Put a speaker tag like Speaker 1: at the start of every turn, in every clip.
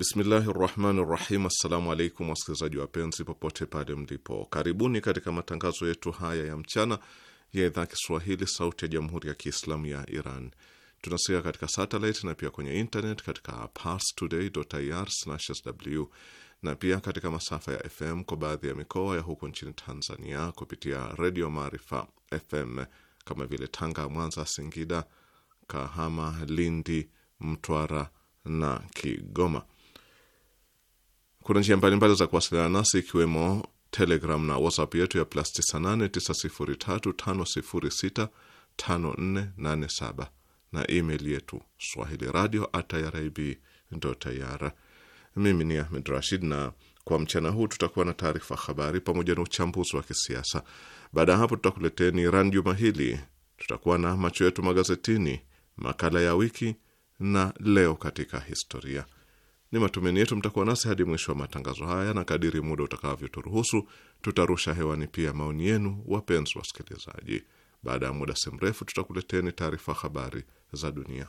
Speaker 1: Bismillahi rahmani rahim. Assalamu alaikum wasikilizaji wapenzi, popote pale mlipo, karibuni katika matangazo yetu haya ya mchana ya idhaa Kiswahili sauti ya jamhuri ya Kiislamu ya Iran. tunasikika katika satellite na pia kwenye internet katika parstoday.ir/sw na pia katika masafa ya FM kwa baadhi ya mikoa ya huko nchini Tanzania kupitia Redio Maarifa FM kama vile Tanga, Mwanza, Singida, Kahama, Lindi, Mtwara na Kigoma. Kuna njia mbalimbali za kuwasiliana nasi ikiwemo Telegram na WhatsApp yetu ya plus 989035065487 na email yetu swahili radio at irib.ir. Mimi ni Ahmed Rashid, na kwa mchana huu tutakuwa na taarifa habari pamoja na uchambuzi wa kisiasa. Baada ya hapo, tutakuleteni Iran juma hili, tutakuwa na macho yetu magazetini, makala ya wiki na leo katika historia. Ni matumaini yetu mtakuwa nasi hadi mwisho wa matangazo haya, na kadiri muda utakavyoturuhusu tutarusha hewani pia maoni yenu, wapenzi wasikilizaji. Baada ya muda si mrefu, tutakuleteni taarifa habari za dunia.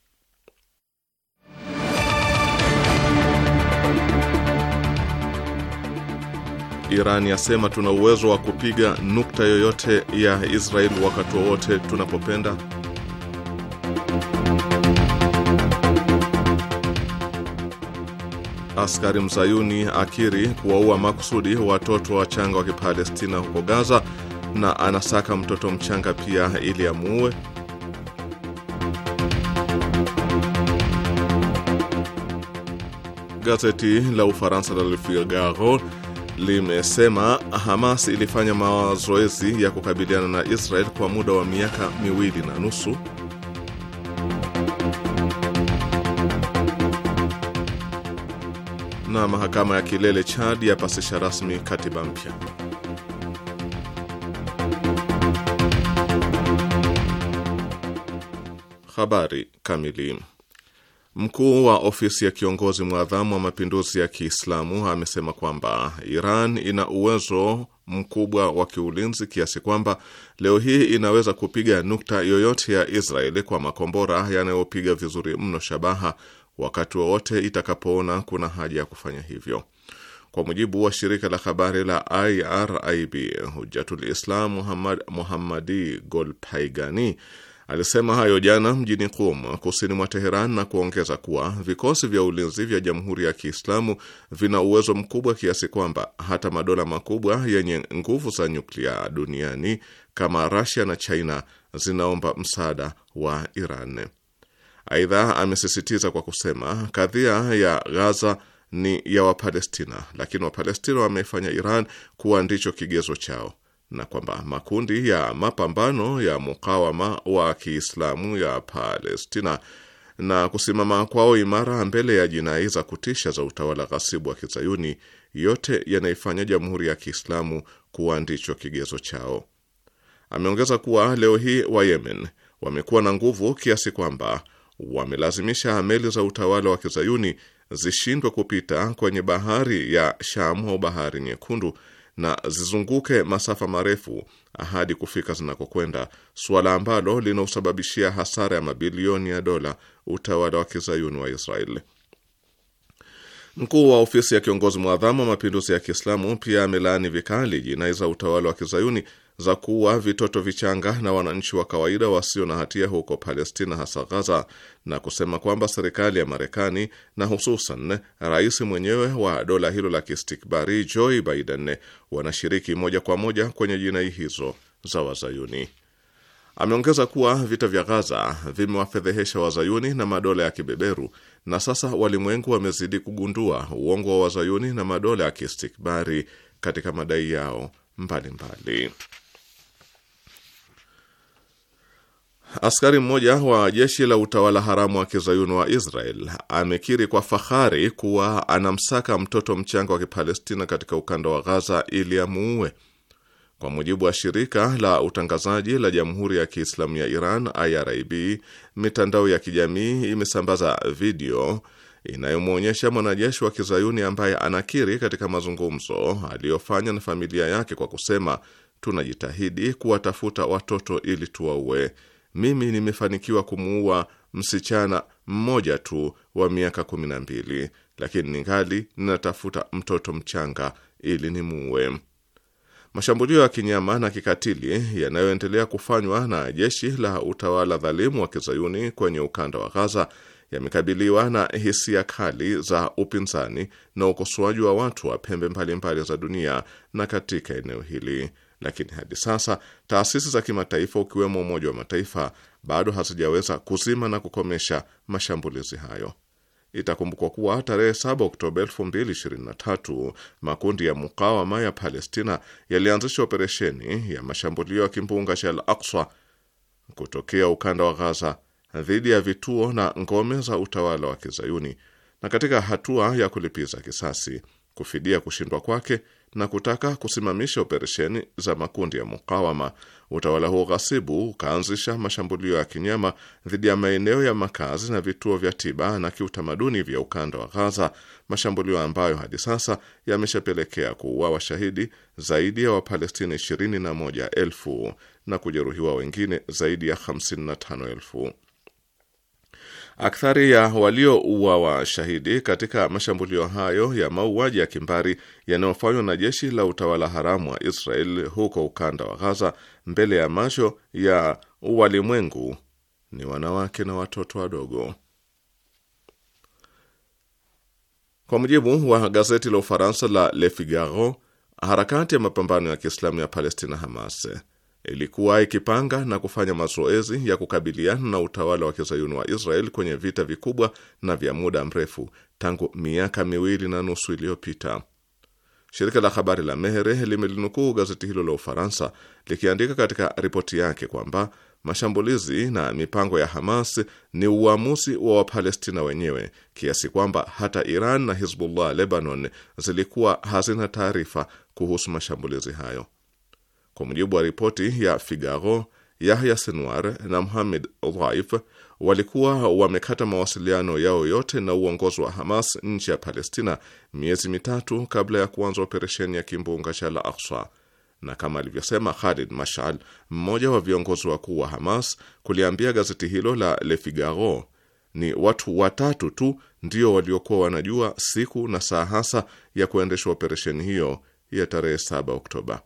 Speaker 1: Iran yasema tuna uwezo wa kupiga nukta yoyote ya Israel wakati wowote tunapopenda. Askari mzayuni akiri kuwaua makusudi watoto wachanga wa Kipalestina huko Gaza na anasaka mtoto mchanga pia ili amuue. Gazeti la Ufaransa la Le Figaro limesema Hamas ilifanya mazoezi ya kukabiliana na Israel kwa muda wa miaka miwili na nusu. Na mahakama ya kilele Chad yapasisha rasmi katiba mpya. Habari kamili. Mkuu wa ofisi ya kiongozi mwadhamu wa mapinduzi ya Kiislamu amesema kwamba Iran ina uwezo mkubwa wa kiulinzi kiasi kwamba leo hii inaweza kupiga nukta yoyote ya Israeli kwa makombora yanayopiga vizuri mno shabaha wakati wowote wa itakapoona kuna haja ya kufanya hivyo. Kwa mujibu wa shirika la habari la IRIB, Hujjatul Islam Muhammad Golpaigani Alisema hayo jana mjini Qum, kusini mwa Teheran, na kuongeza kuwa vikosi vya ulinzi vya Jamhuri ya Kiislamu vina uwezo mkubwa kiasi kwamba hata madola makubwa yenye nguvu za nyuklia duniani kama rasia na China zinaomba msaada wa Iran. Aidha, amesisitiza kwa kusema kadhia ya Gaza ni ya Wapalestina, lakini Wapalestina wameifanya Iran kuwa ndicho kigezo chao na kwamba makundi ya mapambano ya mukawama wa Kiislamu ya Palestina na kusimama kwao imara mbele ya jinai za kutisha za utawala ghasibu wa Kizayuni yote yanaifanya Jamhuri ya Kiislamu kuwa ndicho kigezo chao. Ameongeza kuwa leo hii wa Yemen wamekuwa na nguvu kiasi kwamba wamelazimisha meli za utawala wa Kizayuni zishindwe kupita kwenye bahari ya Shamu au bahari Nyekundu na zizunguke masafa marefu hadi kufika zinakokwenda, suala ambalo linaosababishia hasara ya mabilioni ya dola utawala wa kizayuni wa Israeli. Mkuu wa ofisi ya kiongozi mwadhamu wa mapinduzi ya Kiislamu pia amelaani vikali jinai za utawala wa kizayuni za kuua vitoto vichanga na wananchi wa kawaida wasio na hatia huko Palestina, hasa Gaza, na kusema kwamba serikali ya Marekani na hususan rais mwenyewe wa dola hilo la kistikbari Joe Biden wanashiriki moja kwa moja kwenye jinai hizo za Wazayuni. Ameongeza kuwa vita vya Gaza vimewafedhehesha Wazayuni na madola ya kibeberu, na sasa walimwengu wamezidi kugundua uongo wa Wazayuni na madola ya kistikbari katika madai yao mbalimbali mbali. Askari mmoja wa jeshi la utawala haramu wa kizayuni wa Israel amekiri kwa fahari kuwa anamsaka mtoto mchanga wa Kipalestina katika ukanda wa Ghaza ili amuue. Kwa mujibu wa shirika la utangazaji la Jamhuri ya Kiislamu ya Iran, IRIB, mitandao ya kijamii imesambaza video inayomwonyesha mwanajeshi wa kizayuni ambaye anakiri katika mazungumzo aliyofanya na familia yake kwa kusema, tunajitahidi kuwatafuta watoto ili tuwaue mimi nimefanikiwa kumuua msichana mmoja tu wa miaka kumi na mbili, lakini ningali ninatafuta mtoto mchanga ili nimuue. Mashambulio ya kinyama na kikatili yanayoendelea kufanywa na jeshi la utawala dhalimu wa kizayuni kwenye ukanda wa Ghaza yamekabiliwa na hisia kali za upinzani na ukosoaji wa watu wa pembe mbalimbali mbali za dunia na katika eneo hili lakini hadi sasa taasisi za kimataifa ukiwemo Umoja wa Mataifa bado hazijaweza kuzima na kukomesha mashambulizi hayo. Itakumbukwa kuwa tarehe 7 Oktoba 2023 makundi ya mukawama ya Palestina yalianzisha operesheni ya mashambulio ya kimbunga cha Al Aqsa kutokea ukanda wa Ghaza dhidi ya vituo na ngome za utawala wa Kizayuni, na katika hatua ya kulipiza kisasi kufidia kushindwa kwake na kutaka kusimamisha operesheni za makundi ya mukawama, utawala huo ghasibu ukaanzisha mashambulio ya kinyama dhidi ya maeneo ya makazi na vituo vya tiba na kiutamaduni vya ukanda wa Ghaza, mashambulio ambayo hadi sasa yameshapelekea kuua washahidi zaidi ya Wapalestina 21,000 na kujeruhiwa wengine zaidi ya elfu. Akthari ya waliouawa shahidi katika mashambulio hayo ya mauaji ya kimbari yanayofanywa na jeshi la utawala haramu wa Israel huko ukanda wa Gaza mbele ya macho ya walimwengu ni wanawake na watoto wadogo. Kwa mujibu wa gazeti la Ufaransa la Le Figaro, harakati ya mapambano ya Kiislamu ya Palestina Hamas ilikuwa ikipanga na kufanya mazoezi ya kukabiliana na utawala wa kizayuni wa Israel kwenye vita vikubwa na vya muda mrefu tangu miaka miwili na nusu iliyopita. Shirika la habari la Mehre limelinukuu gazeti hilo la Ufaransa likiandika katika ripoti yake kwamba mashambulizi na mipango ya Hamas ni uamuzi wa Wapalestina wenyewe kiasi kwamba hata Iran na Hizbullah Lebanon zilikuwa hazina taarifa kuhusu mashambulizi hayo. Kwa mujibu wa ripoti ya Figaro, Yahya Sinwar na Muhamed Dhaif walikuwa wamekata mawasiliano yao yote na uongozi wa Hamas nchi ya Palestina miezi mitatu kabla ya kuanza operesheni ya kimbunga cha la Aqsa, na kama alivyosema Khalid Mashal, mmoja wa viongozi wakuu wa Hamas, kuliambia gazeti hilo la Le Figaro, ni watu watatu tu ndio waliokuwa wanajua siku na saa hasa ya kuendesha operesheni hiyo ya tarehe 7 Oktoba.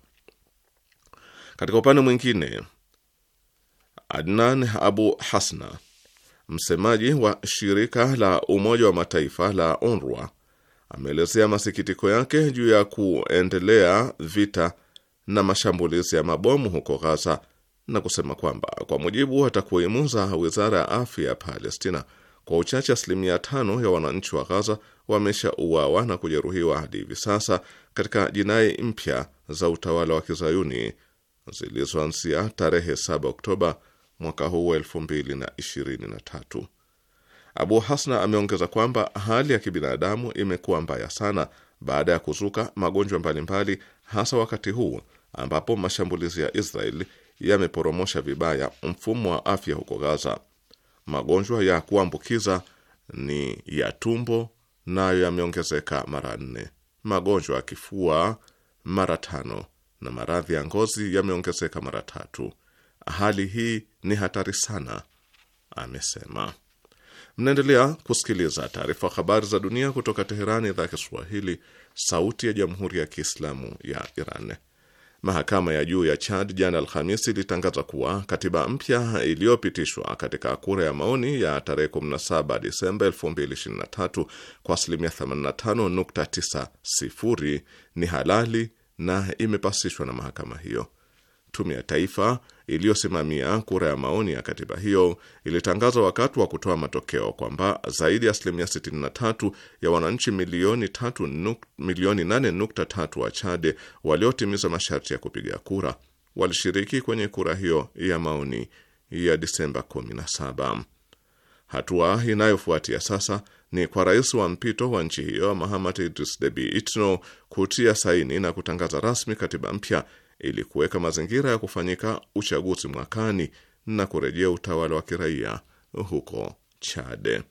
Speaker 1: Katika upande mwingine, Adnan Abu Hasna, msemaji wa shirika la Umoja wa Mataifa la UNRWA, ameelezea masikitiko yake juu ya kuendelea vita na mashambulizi ya mabomu huko Gaza na kusema kwamba kwa mujibu wa takwimu za Wizara ya Afya ya Palestina, kwa uchache asilimia tano ya wananchi wa Gaza wameshauawa na kujeruhiwa hadi hivi sasa katika jinai mpya za utawala wa kizayuni zilizoanzia tarehe 7 Oktoba mwaka huu 2023. Abu Hasna ameongeza kwamba hali ya kibinadamu imekuwa mbaya sana baada ya kuzuka magonjwa mbalimbali, hasa wakati huu ambapo mashambulizi ya Israeli yameporomosha vibaya mfumo wa afya huko Gaza. Magonjwa ya kuambukiza ni ya tumbo, nayo yameongezeka mara nne, magonjwa ya kifua mara tano na maradhi ya ngozi yameongezeka mara tatu. Hali hii ni hatari sana, amesema. Mnaendelea kusikiliza taarifa habari za dunia kutoka Teherani, idhaa ya Kiswahili, sauti ya jamhuri ya kiislamu ya Iran. Mahakama ya juu ya Chad jana Alhamisi ilitangaza kuwa katiba mpya iliyopitishwa katika kura ya maoni ya tarehe 17 Disemba 2023 kwa asilimia 85.90 ni halali na imepasishwa na mahakama hiyo. Tume ya Taifa iliyosimamia kura ya maoni ya katiba hiyo ilitangaza wakati wa kutoa matokeo kwamba zaidi ya asilimia 63 ya wananchi milioni 8.3 wa Chade waliotimiza masharti ya kupiga kura walishiriki kwenye kura hiyo ya maoni ya Disemba 17. Hatua inayofuatia sasa ni kwa rais wa mpito wa nchi hiyo Mahamat Idris Deby Itno kutia saini na kutangaza rasmi katiba mpya ili kuweka mazingira ya kufanyika uchaguzi mwakani na kurejea utawala wa kiraia huko chade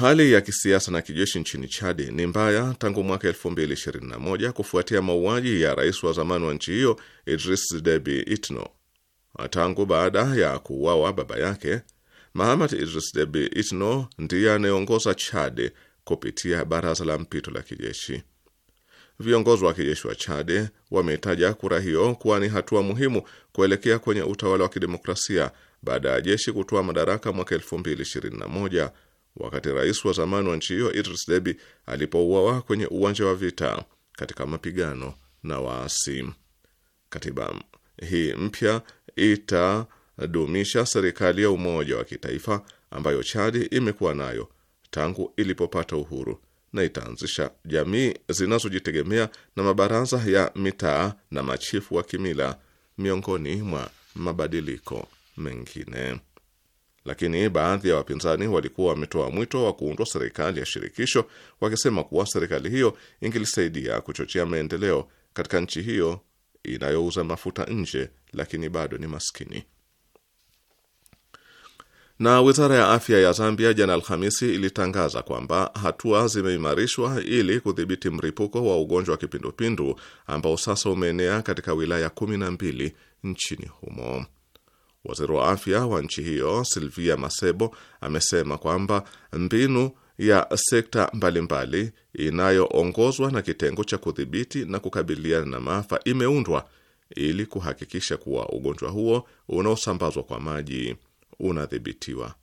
Speaker 1: Hali ya kisiasa na kijeshi nchini Chadi ni mbaya tangu mwaka 2021 kufuatia mauaji ya rais wa zamani wa nchi hiyo Idris Deby Itno. Tangu baada ya kuuawa baba yake, Mahamat Idris Deby Itno ndiye anayeongoza Chad kupitia baraza la mpito la kijeshi. Viongozi wa kijeshi wa Chad wameitaja kura hiyo kuwa ni hatua muhimu kuelekea kwenye utawala wa kidemokrasia baada ya jeshi kutoa madaraka mwaka moja wakati rais wa zamani wa nchi hiyo Idris Deby alipouawa kwenye uwanja wa vita katika mapigano na waasi. Katiba hii mpya itadumisha serikali ya umoja wa kitaifa ambayo Chadi imekuwa nayo tangu ilipopata uhuru na itaanzisha jamii zinazojitegemea na mabaraza ya mitaa na machifu wa kimila miongoni mwa mabadiliko mengine. Lakini baadhi ya wapinzani walikuwa wametoa mwito wa kuundwa serikali ya shirikisho, wakisema kuwa serikali hiyo ingelisaidia kuchochea maendeleo katika nchi hiyo inayouza mafuta nje, lakini bado ni maskini. Na wizara ya afya ya Zambia jana Alhamisi ilitangaza kwamba hatua zimeimarishwa ili kudhibiti mripuko wa ugonjwa wa kipindupindu ambao sasa umeenea katika wilaya kumi na mbili nchini humo. Waziri wa afya wa nchi hiyo Silvia Masebo amesema kwamba mbinu ya sekta mbalimbali inayoongozwa na kitengo cha kudhibiti na kukabiliana na maafa imeundwa ili kuhakikisha kuwa ugonjwa huo unaosambazwa kwa maji unadhibitiwa.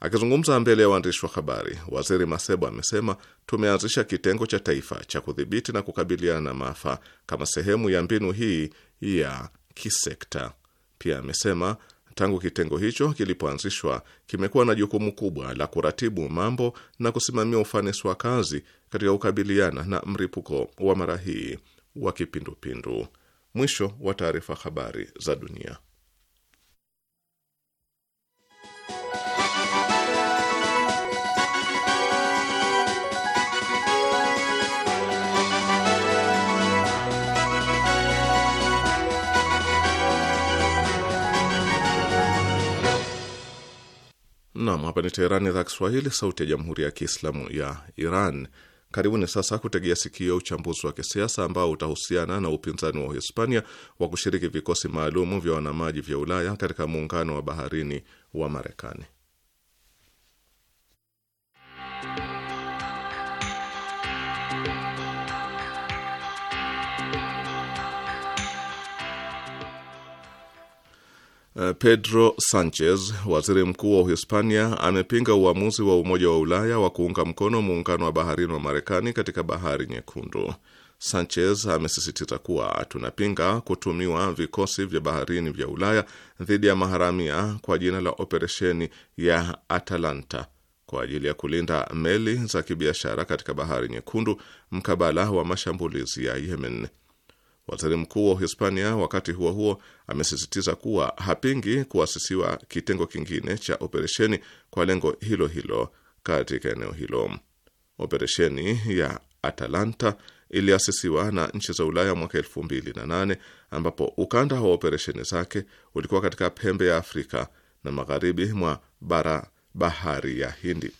Speaker 1: Akizungumza mbele ya waandishi wa habari, Waziri Masebo amesema tumeanzisha kitengo cha taifa cha kudhibiti na kukabiliana na maafa kama sehemu ya mbinu hii ya kisekta. Pia amesema Tangu kitengo hicho kilipoanzishwa, kimekuwa na jukumu kubwa la kuratibu mambo na kusimamia ufanisi wa kazi katika kukabiliana na mripuko wa mara hii wa kipindupindu. Mwisho wa taarifa. Habari za dunia. Naam, hapa ni Teherani, idhaa Kiswahili, sauti ya jamhuri ya kiislamu ya Iran. Karibuni sasa kutegea sikio uchambuzi wa kisiasa ambao utahusiana na upinzani wa Uhispania wa kushiriki vikosi maalumu vya wanamaji vya Ulaya katika muungano wa baharini wa Marekani. Eh, Pedro Sanchez, waziri mkuu wa Uhispania, amepinga uamuzi wa Umoja wa Ulaya wa kuunga mkono muungano wa baharini wa Marekani katika Bahari Nyekundu. Sanchez amesisitiza kuwa tunapinga kutumiwa vikosi vya baharini vya Ulaya dhidi ya maharamia kwa jina la operesheni ya Atalanta kwa ajili ya kulinda meli za kibiashara katika Bahari Nyekundu mkabala wa mashambulizi ya Yemen. Waziri mkuu wa Uhispania wakati huo huo amesisitiza kuwa hapingi kuasisiwa kitengo kingine cha operesheni kwa lengo hilo hilo katika eneo hilo. Operesheni ya Atalanta iliasisiwa na nchi za Ulaya mwaka elfu mbili na nane ambapo ukanda wa operesheni zake ulikuwa katika pembe ya Afrika na magharibi mwa bara bahari ya Hindi.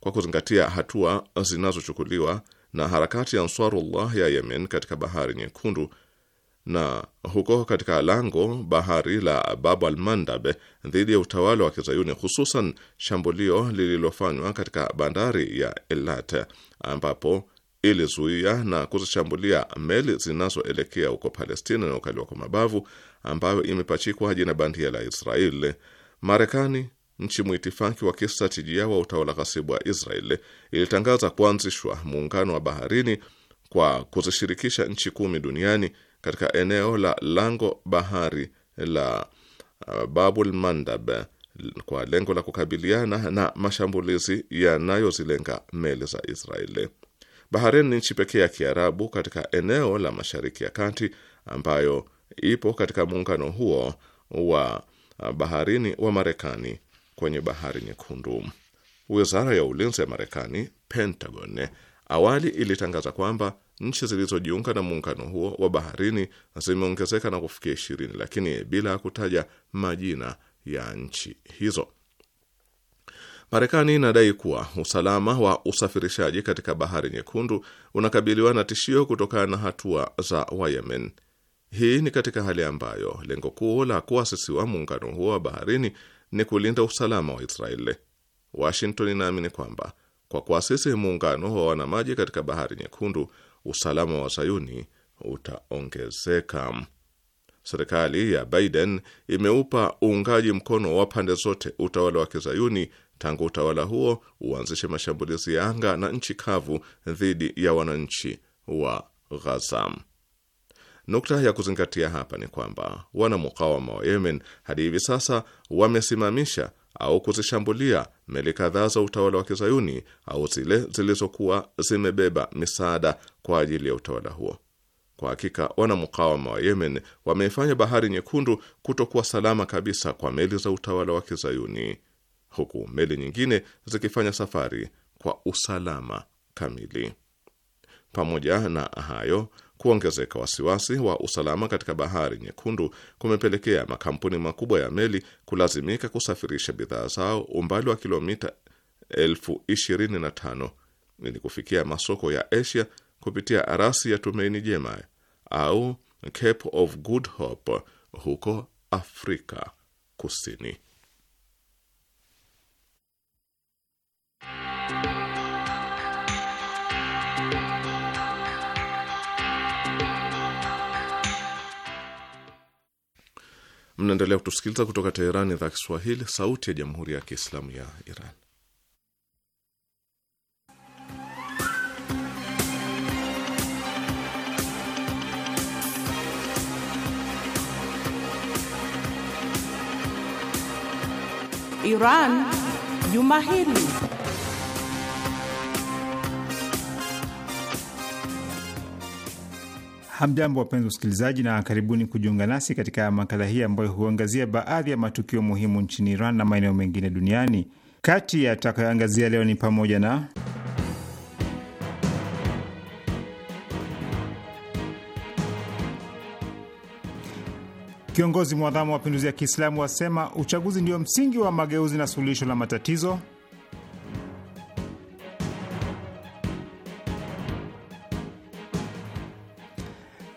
Speaker 1: Kwa kuzingatia hatua zinazochukuliwa na harakati ya Ansarullah ya Yemen katika bahari Nyekundu na huko katika lango bahari la Babu Almandab dhidi ya utawala wa Kizayuni, hususan shambulio lililofanywa katika bandari ya Elat ambapo ilizuia na kuzishambulia meli zinazoelekea huko Palestina na ukaliwa kwa mabavu ambayo imepachikwa jina bandia la Israeli. Marekani, nchi mwitifaki wa kistratijia wa utawala ghasibu wa Israeli, ilitangaza kuanzishwa muungano wa baharini kwa kuzishirikisha nchi kumi duniani katika eneo la lango bahari la uh, Babul Mandab kwa lengo la kukabiliana na mashambulizi yanayozilenga meli za Israeli. Bahrain ni nchi pekee ya Kiarabu katika eneo la Mashariki ya Kati ambayo ipo katika muungano huo wa uh, baharini wa Marekani kwenye Bahari Nyekundu. Wizara ya Ulinzi ya Marekani, Pentagon, awali ilitangaza kwamba Nchi zilizojiunga na muungano huo wa baharini zimeongezeka na kufikia ishirini, lakini bila kutaja majina ya nchi hizo. Marekani inadai kuwa usalama wa usafirishaji katika bahari nyekundu unakabiliwa na tishio kutokana na hatua za Wayemen. Hii ni katika hali ambayo lengo kuu la kuasisiwa muungano huo wa baharini ni kulinda usalama wa Israeli. Washington inaamini kwamba kwa kuasisi muungano wa wanamaji katika bahari nyekundu usalama wa Zayuni utaongezeka. Serikali ya Biden imeupa uungaji mkono wa pande zote utawala wa Kizayuni tangu utawala huo uanzishe mashambulizi ya anga na nchi kavu dhidi ya wananchi wa Ghaza. Nukta ya kuzingatia hapa ni kwamba wanamukawama wa Yemen hadi hivi sasa wamesimamisha au kuzishambulia meli kadhaa za utawala wa kizayuni au zile zilizokuwa zimebeba misaada kwa ajili ya utawala huo. Kwa hakika wanamukawama wa Yemen wameifanya bahari nyekundu kutokuwa salama kabisa kwa meli za utawala wa kizayuni, huku meli nyingine zikifanya safari kwa usalama kamili. Pamoja na hayo Kuongezeka wasiwasi wa usalama katika bahari Nyekundu kumepelekea makampuni makubwa ya meli kulazimika kusafirisha bidhaa zao umbali wa kilomita elfu ishirini na tano ili kufikia masoko ya Asia kupitia rasi ya Tumaini Jema au Cape of Good Hope huko Afrika Kusini. Mnaendelea kutusikiliza kutoka Teheran, idhaa Kiswahili, sauti ya jamhuri ya kiislamu ya Iran.
Speaker 2: Iran Juma Hili.
Speaker 3: Hamjambo, wapenzi wasikilizaji, na karibuni kujiunga nasi katika makala hii ambayo huangazia baadhi ya matukio muhimu nchini Iran na maeneo mengine duniani. Kati ya atakayoangazia leo ni pamoja na kiongozi mwadhamu wa mapinduzi ya Kiislamu wasema uchaguzi ndio msingi wa mageuzi na suluhisho la matatizo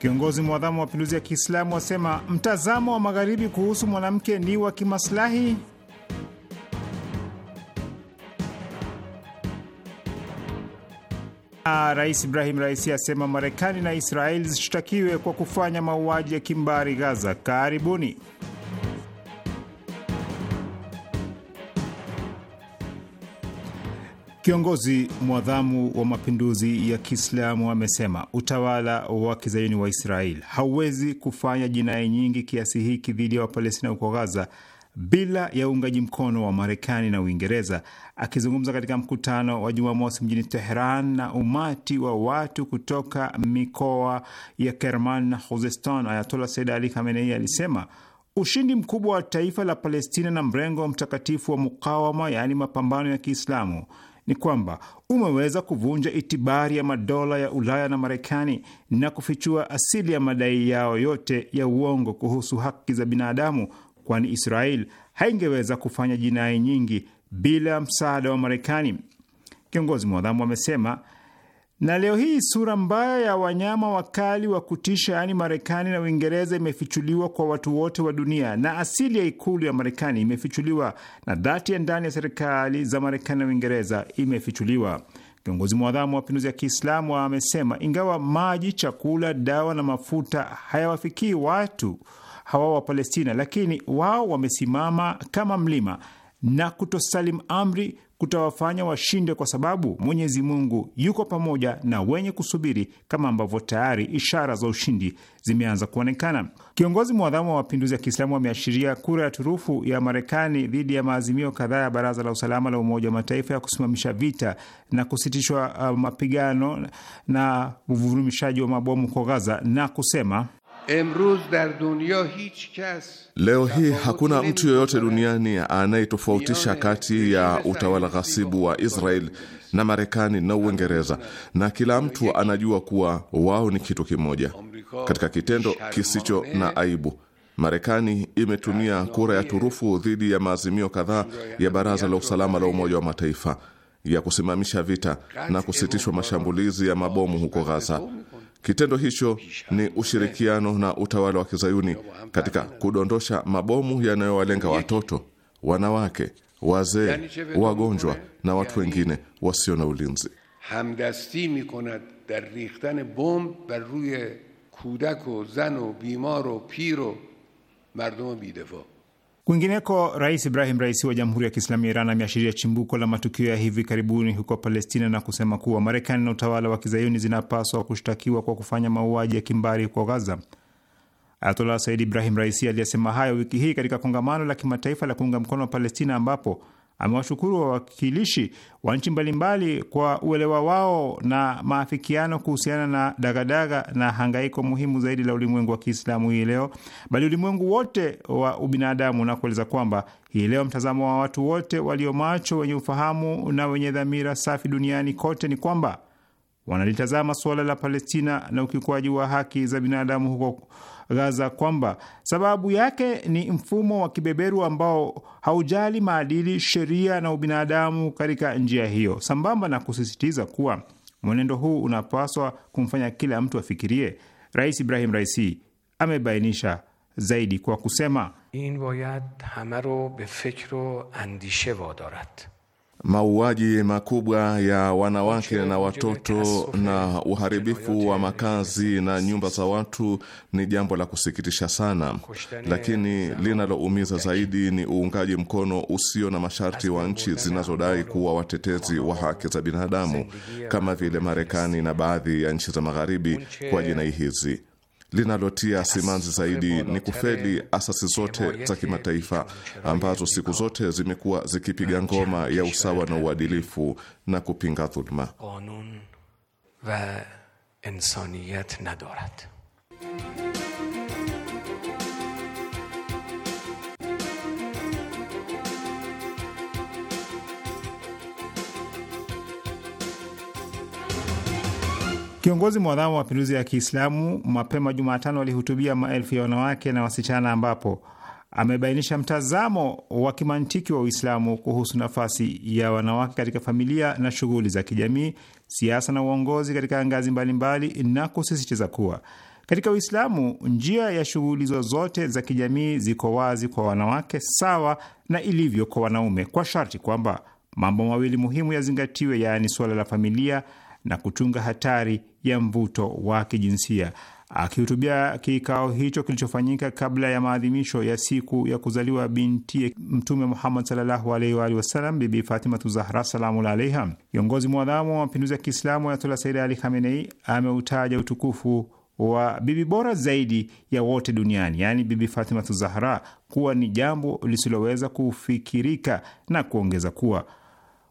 Speaker 3: Kiongozi mwadhamu wa mapinduzi ya Kiislamu wasema mtazamo wa magharibi kuhusu mwanamke ni wa kimaslahi. Rais Ibrahim Raisi asema Marekani na Israel zishtakiwe kwa kufanya mauaji ya kimbari Gaza. Karibuni. Kiongozi mwadhamu wa mapinduzi ya Kiislamu amesema utawala wa kizayuni wa Israel hauwezi kufanya jinai nyingi kiasi hiki dhidi ya Wapalestina huko Gaza bila ya uungaji mkono wa Marekani na Uingereza. Akizungumza katika mkutano wa Jumamosi mjini Teheran na umati wa watu kutoka mikoa ya Kerman na Khuzestan, Ayatola Said Ali Khamenei alisema ushindi mkubwa wa taifa la Palestina na mrengo mtakatifu wa mukawama, yaani mapambano ya Kiislamu ni kwamba umeweza kuvunja itibari ya madola ya Ulaya na Marekani na kufichua asili ya madai yao yote ya uongo kuhusu haki za binadamu, kwani Israel haingeweza kufanya jinai nyingi bila msaada wa Marekani. Kiongozi mwadhamu amesema na leo hii sura mbaya ya wanyama wakali wa kutisha yaani Marekani na Uingereza imefichuliwa kwa watu wote wa dunia, na asili ya ikulu ya Marekani imefichuliwa, na dhati ya ndani ya serikali za Marekani na Uingereza imefichuliwa. Kiongozi mwadhamu wa mapinduzi ya Kiislamu amesema ingawa maji, chakula, dawa na mafuta hayawafikii watu hawa wa Palestina, lakini wao wamesimama kama mlima na kutosalim amri kutawafanya washinde, kwa sababu Mwenyezi Mungu yuko pamoja na wenye kusubiri, kama ambavyo tayari ishara za ushindi zimeanza kuonekana. Kiongozi mwadhamu wa mapinduzi ya Kiislamu ameashiria kura ya turufu ya Marekani dhidi ya maazimio kadhaa ya Baraza la Usalama la Umoja wa Mataifa ya kusimamisha vita na kusitishwa uh, mapigano na uvurumishaji wa mabomu kwa Gaza na kusema
Speaker 1: Leo hii hakuna mtu yoyote duniani anayetofautisha kati ya utawala ghasibu wa Israel na Marekani na Uingereza, na kila mtu anajua kuwa wao ni kitu kimoja. Katika kitendo kisicho na aibu, Marekani imetumia kura ya turufu dhidi ya maazimio kadhaa ya Baraza la Usalama la Umoja wa Mataifa ya kusimamisha vita na kusitishwa mashambulizi ya mabomu huko Gaza. Kitendo hicho ni ushirikiano na utawala wa kizayuni katika kudondosha mabomu yanayowalenga watoto, wanawake, wazee, wagonjwa na watu wengine wasio na ulinzi. hamdasti mikonad dar bomb bar ruye kudak o zan o bimar o pir o mardom bidefa
Speaker 3: Kwingineko, Rais Ibrahim Raisi wa Jamhuri ya Kiislamu ya Iran ameashiria chimbuko la matukio ya hivi karibuni huko Palestina na kusema kuwa Marekani na utawala wa kizayuni zinapaswa kushtakiwa kwa kufanya mauaji ya kimbari kwa Gaza. Ayatollah Said Ibrahim Raisi aliyesema hayo wiki hii katika kongamano la kimataifa la kuunga mkono wa Palestina ambapo amewashukuru wawakilishi wa nchi mbalimbali kwa uelewa wao na maafikiano kuhusiana na dagadaga na hangaiko muhimu zaidi la ulimwengu wa Kiislamu hii leo, bali ulimwengu wote wa ubinadamu, na kueleza kwamba hii leo mtazamo wa watu wote walio macho, wenye ufahamu na wenye dhamira safi duniani kote ni kwamba wanalitazama suala la Palestina na ukiukwaji wa haki za binadamu huko Gaza kwamba sababu yake ni mfumo wa kibeberu ambao haujali maadili, sheria na ubinadamu katika njia hiyo, sambamba na kusisitiza kuwa mwenendo huu unapaswa kumfanya kila mtu afikirie. Rais Ibrahim Raisi amebainisha
Speaker 1: zaidi kwa kusema
Speaker 4: in boyad hamaro be fikro andishe vodarad
Speaker 1: mauaji makubwa ya wanawake na watoto na uharibifu wa makazi na nyumba za watu ni jambo la kusikitisha sana, lakini linaloumiza zaidi ni uungaji mkono usio na masharti wa nchi zinazodai kuwa watetezi wa haki za binadamu kama vile Marekani na baadhi ya nchi za Magharibi kwa jinai hizi linalotia simanzi zaidi ni kufeli asasi zote za kimataifa ambazo siku zote zimekuwa zikipiga ngoma ya usawa na uadilifu na kupinga dhuluma.
Speaker 3: Kiongozi mwadhamu wa mapinduzi ya Kiislamu mapema Jumatano alihutubia maelfu ya wanawake na wasichana ambapo amebainisha mtazamo wa kimantiki wa Uislamu kuhusu nafasi ya wanawake katika familia na shughuli za kijamii, siasa na uongozi katika ngazi mbalimbali mbali, na kusisitiza kuwa katika Uislamu njia ya shughuli zozote za kijamii ziko wazi kwa wanawake sawa na ilivyo kwa wanaume, kwa sharti kwamba mambo mawili muhimu yazingatiwe, yaani suala la familia na kuchunga hatari ya mvuto wa kijinsia. Akihutubia kikao hicho kilichofanyika kabla ya maadhimisho ya siku ya kuzaliwa binti Mtume Muhammad sallallahu alaihi wa alihi wasallam, Bibi Fatimatu Zahra salamu alaiha, kiongozi mwadhamu wa mapinduzi ya Kiislamu Ayatullah Sayyid Ali Khamenei ameutaja utukufu wa bibi bora zaidi ya wote duniani, yaani Bibi Fatimatu Zahra, kuwa ni jambo lisiloweza kufikirika na kuongeza kuwa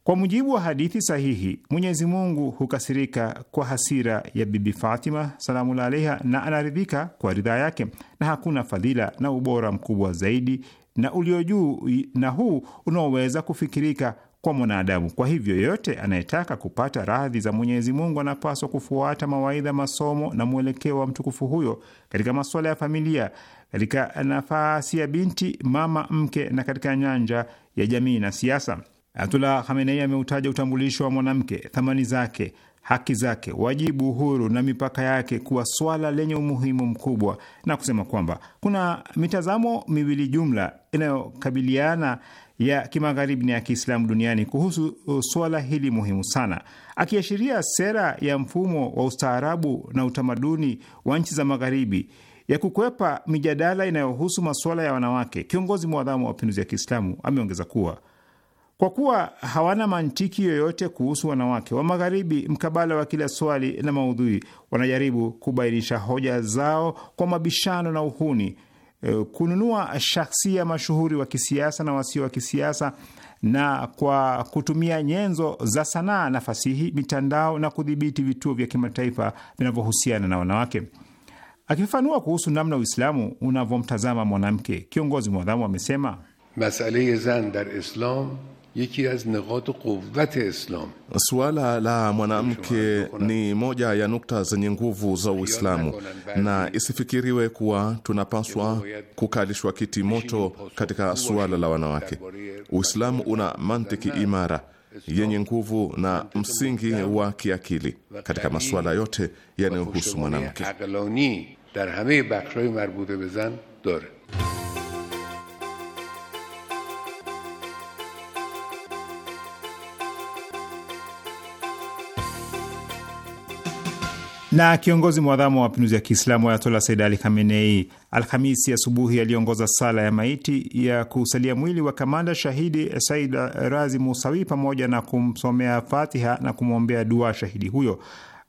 Speaker 3: kwa mujibu wa hadithi sahihi, Mwenyezi Mungu hukasirika kwa hasira ya Bibi Fatima salamu alaiha, na anaridhika kwa ridhaa yake, na hakuna fadhila na ubora mkubwa zaidi na ulio juu na huu unaoweza kufikirika kwa mwanadamu. Kwa hivyo, yeyote anayetaka kupata radhi za Mwenyezi Mungu anapaswa kufuata mawaidha, masomo na mwelekeo wa mtukufu huyo katika masuala ya familia, katika nafasi ya binti, mama, mke na katika nyanja ya jamii na siasa. Ayatullah Khamenei ameutaja utambulisho wa mwanamke, thamani zake, haki zake, wajibu, uhuru na mipaka yake kuwa swala lenye umuhimu mkubwa na kusema kwamba kuna mitazamo miwili jumla inayokabiliana ya kimagharibi na ya Kiislamu duniani kuhusu uh, swala hili muhimu sana, akiashiria sera ya mfumo wa ustaarabu na utamaduni wa nchi za magharibi ya kukwepa mijadala inayohusu masuala ya wanawake. Kiongozi mwadhamu wa mapinduzi ya Kiislamu ameongeza kuwa kwa kuwa hawana mantiki yoyote kuhusu wanawake wa Magharibi, mkabala wa kila swali na maudhui, wanajaribu kubainisha hoja zao kwa mabishano na uhuni, e, kununua shahsia mashuhuri wa kisiasa na wasio wa kisiasa, na kwa kutumia nyenzo za sanaa na fasihi, mitandao na kudhibiti vituo vya kimataifa vinavyohusiana na wanawake. Akifafanua kuhusu namna Uislamu unavyomtazama mwanamke, kiongozi mwadhamu amesema:
Speaker 1: masale zan dar islam suala la mwanamke ni moja ya nukta zenye nguvu za Uislamu, na isifikiriwe kuwa tunapaswa kukalishwa kiti moto katika suala la wanawake. Uislamu una mantiki imara yenye nguvu na msingi wa kiakili katika masuala yote yanayohusu mwanamke.
Speaker 3: Na kiongozi mwadhamu wa mapinduzi ya Kiislamu Ayatola Said Ali Khamenei Alhamisi asubuhi aliongoza sala ya maiti ya kusalia mwili wa kamanda shahidi Said Razi Musawi pamoja na kumsomea Fatiha na kumwombea dua shahidi huyo.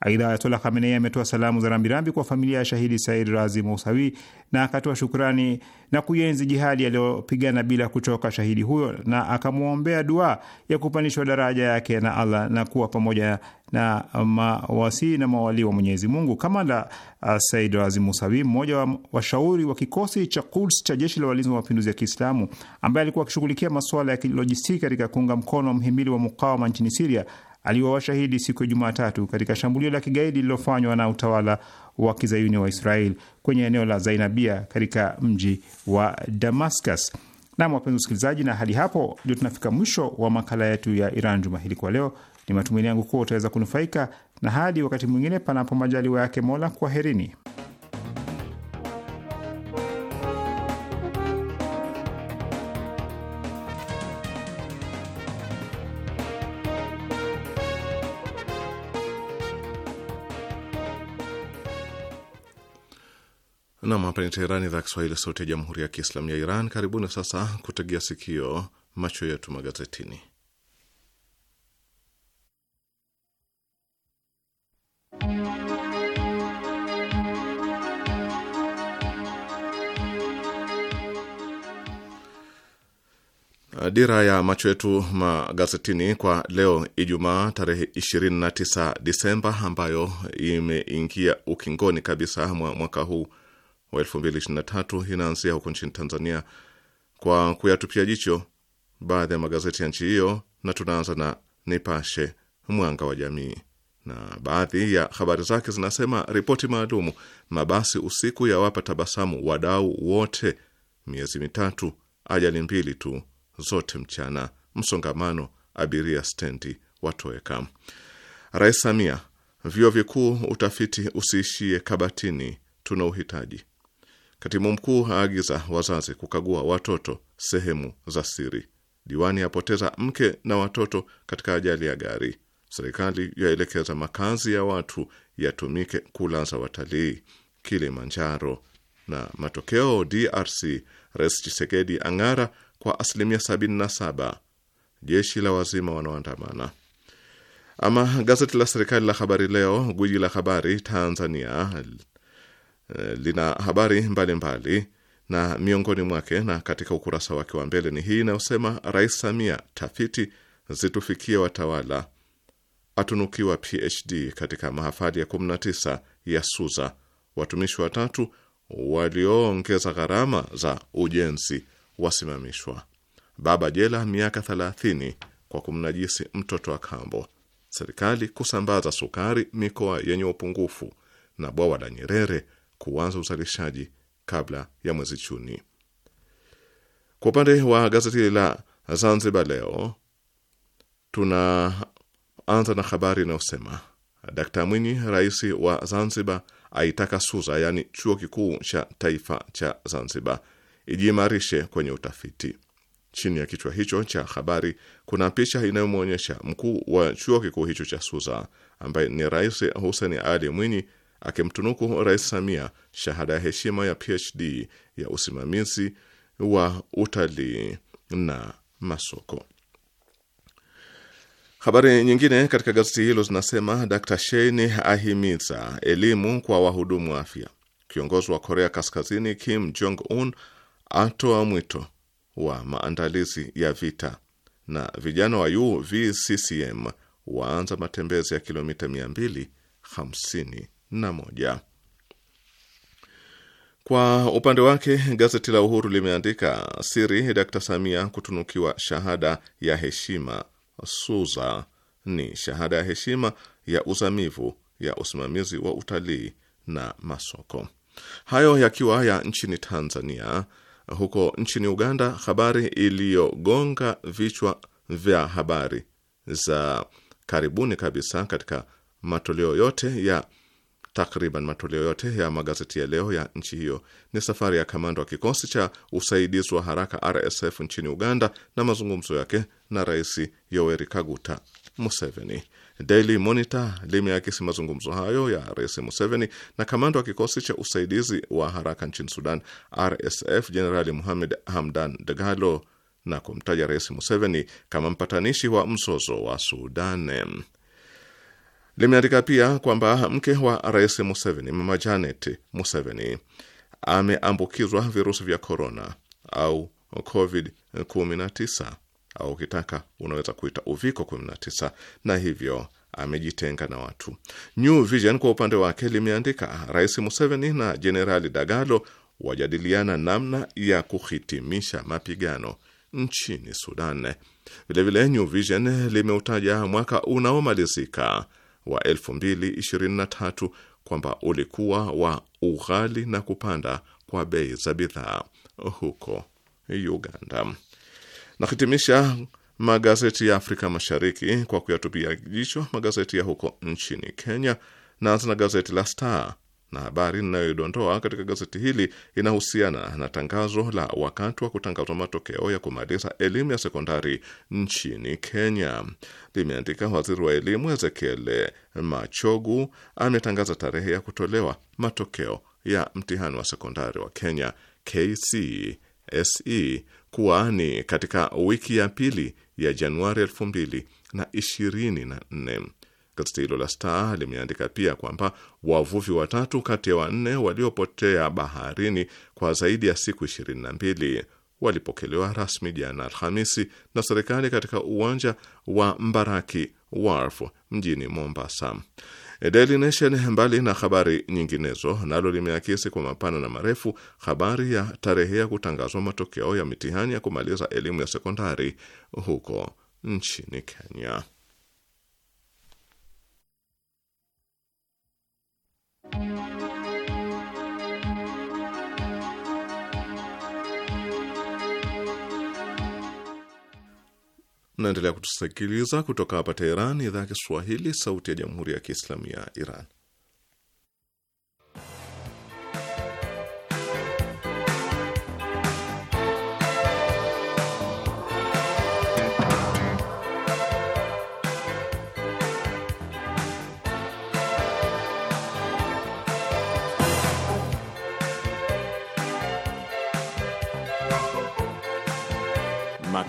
Speaker 3: Aidha, Ayatola Khamenei ametoa salamu za rambirambi kwa familia ya shahidi Said Razi Mousawi na akatoa shukrani na kuenzi jihadi aliyopigana bila kuchoka shahidi huyo, na akamwombea dua ya kupandishwa daraja yake na Allah na kuwa pamoja na mawasii na mawalii wa Mwenyezi Mungu. Kamanda uh, Said Razi Musawi, mmoja wa washauri wa kikosi cha Quds cha jeshi la walinzi wa mapinduzi ya Kiislamu, ambaye alikuwa akishughulikia masuala ya kilojistiki katika kuunga mkono wa mhimili wa mukawama nchini Siria, aliwawashahidi siku ya Jumatatu katika shambulio la kigaidi lililofanywa na utawala wa kizayuni wa Israel kwenye eneo la Zainabia katika mji wa Damascus. Nam, wapenzi usikilizaji, na hadi hapo ndio tunafika mwisho wa makala yetu ya Iran juma hili kwa leo. Ni matumaini yangu kuwa utaweza kunufaika na. Hadi wakati mwingine, panapo majaliwa yake Mola, kwaherini.
Speaker 1: Nam, hapa ni Teherani, idhaa Kiswahili, sauti ya jamhuri ya kiislamu ya Iran. Karibuni sasa kutegea sikio macho yetu magazetini. Dira ya macho yetu magazetini kwa leo Ijumaa tarehe 29 Disemba, ambayo imeingia ukingoni kabisa mwa mwaka huu wa 2023 inaanzia huko nchini Tanzania kwa kuyatupia jicho baadhi ya magazeti ya nchi hiyo, na tunaanza na Nipashe Mwanga wa Jamii, na baadhi ya habari zake zinasema: ripoti maalumu, mabasi usiku yawapa tabasamu wadau wote, miezi mitatu, ajali mbili tu, zote mchana, msongamano abiria stendi watoweka. Rais Samia, vyuo vikuu utafiti usiishie kabatini, tuna uhitaji Katibu mkuu aagiza wazazi kukagua watoto sehemu za siri. Diwani apoteza mke na watoto katika ajali ya gari. Serikali yaelekeza makazi ya watu yatumike kulaza watalii Kilimanjaro. Na matokeo DRC, Rais Chisekedi ang'ara kwa asilimia 77, jeshi la wazima wanaoandamana. Ama gazeti la serikali la Habari Leo, gwiji la habari Tanzania Eh, lina habari mbalimbali mbali, na miongoni mwake na katika ukurasa wake wa mbele ni hii inayosema Rais Samia, tafiti zitufikie watawala, atunukiwa PhD katika mahafali ya 19 ya Suza, watumishi watatu walioongeza gharama za ujenzi wasimamishwa, baba jela miaka 30 kwa kumnajisi mtoto wa kambo, serikali kusambaza sukari mikoa yenye upungufu, na bwawa la Nyerere kuanza uzalishaji kabla ya mwezi Juni. Kwa upande wa gazeti la Zanzibar Leo, tunaanza na habari inayosema Dkt Mwinyi, rais wa Zanzibar, aitaka SUZA, yaani chuo kikuu cha taifa cha Zanzibar, ijiimarishe kwenye utafiti. Chini ya kichwa hicho cha habari kuna picha inayomwonyesha mkuu wa chuo kikuu hicho cha SUZA ambaye ni Rais Hussein Ali Mwinyi akimtunuku Rais Samia shahada ya heshima ya PhD ya usimamizi wa utalii na masoko. Habari nyingine katika gazeti hilo zinasema Dr. Shein ahimiza elimu kwa wahudumu wa afya. Kiongozi wa Korea Kaskazini Kim Jong Un atoa mwito wa maandalizi ya vita, na vijana wa UVCCM waanza matembezi ya kilomita 250 na moja. Kwa upande wake gazeti la Uhuru limeandika siri Dkt. Samia kutunukiwa shahada ya heshima SUZA ni shahada ya heshima ya uzamivu ya usimamizi wa utalii na masoko. Hayo yakiwa ya nchini Tanzania. Huko nchini Uganda, habari iliyogonga vichwa vya habari za karibuni kabisa katika matoleo yote ya Takriban matoleo yote ya magazeti ya leo ya nchi hiyo ni safari ya kamanda wa kikosi cha usaidizi wa haraka RSF nchini Uganda na mazungumzo yake na Rais Yoweri Kaguta Museveni. Daily Monitor limeakisi mazungumzo hayo ya Rais Museveni na kamanda wa kikosi cha usaidizi wa haraka nchini Sudan RSF Jenerali Muhamed Hamdan Dagalo na kumtaja Rais Museveni kama mpatanishi wa mzozo wa Sudan. Limeandika pia kwamba mke wa rais Museveni, mama Janet Museveni, ameambukizwa virusi vya korona au covid 19 au ukitaka unaweza kuita uviko 19 na hivyo amejitenga na watu. New Vision kwa upande wake limeandika Rais Museveni na Jenerali Dagalo wajadiliana namna ya kuhitimisha mapigano nchini Sudan. Vilevile New Vision limeutaja mwaka unaomalizika wa 2023 kwamba ulikuwa wa ughali na kupanda kwa bei za bidhaa huko Uganda. Nahitimisha magazeti ya Afrika Mashariki kwa kuyatupia jicho magazeti ya huko nchini Kenya. Naanza na gazeti la Star na habari ninayodondoa katika gazeti hili inahusiana na tangazo la wakati wa kutangazwa matokeo ya kumaliza elimu ya sekondari nchini Kenya. Limeandika waziri wa elimu Ezekiel Machogu ametangaza tarehe ya kutolewa matokeo ya mtihani wa sekondari wa Kenya KCSE kuwa ni katika wiki ya pili ya Januari elfu mbili na ishirini na nne. Gazeti hilo la Star limeandika pia kwamba wavuvi watatu kati ya wanne waliopotea baharini kwa zaidi ya siku 22 walipokelewa rasmi jana Alhamisi na serikali katika uwanja wa Mbaraki Wharf mjini Mombasa. Daily Nation mbali na habari nyinginezo, nalo limeakisi kwa mapana na marefu habari ya tarehe ya kutangazwa matokeo ya mitihani ya kumaliza elimu ya sekondari huko nchini Kenya. naendelea kutusikiliza kutoka hapa Teheran, idhaa ya Kiswahili, sauti ya jamhuri ya kiislamu ya Iran.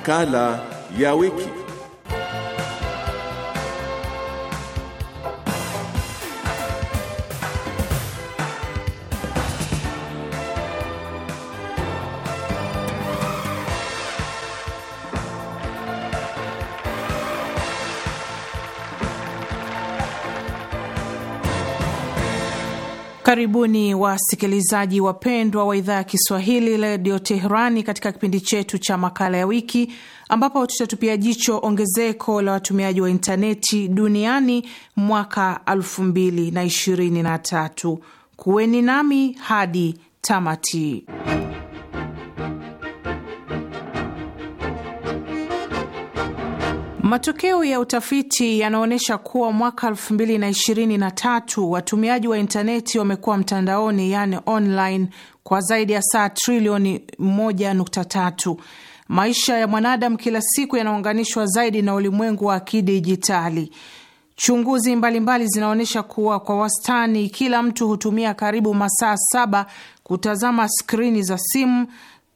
Speaker 1: makala ya wiki.
Speaker 2: Karibuni wasikilizaji wapendwa wa idhaa ya Kiswahili redio Teherani katika kipindi chetu cha makala ya wiki ambapo tutatupia jicho ongezeko la watumiaji wa intaneti duniani mwaka 2023. Kuweni nami hadi tamati. Matokeo ya utafiti yanaonyesha kuwa mwaka 2023 watumiaji wa intaneti wamekuwa mtandaoni, yani online, kwa zaidi ya saa trilioni 1.3. Maisha ya mwanadamu kila siku yanaunganishwa zaidi na ulimwengu wa kidijitali. Chunguzi mbalimbali zinaonyesha kuwa kwa wastani kila mtu hutumia karibu masaa saba kutazama skrini za simu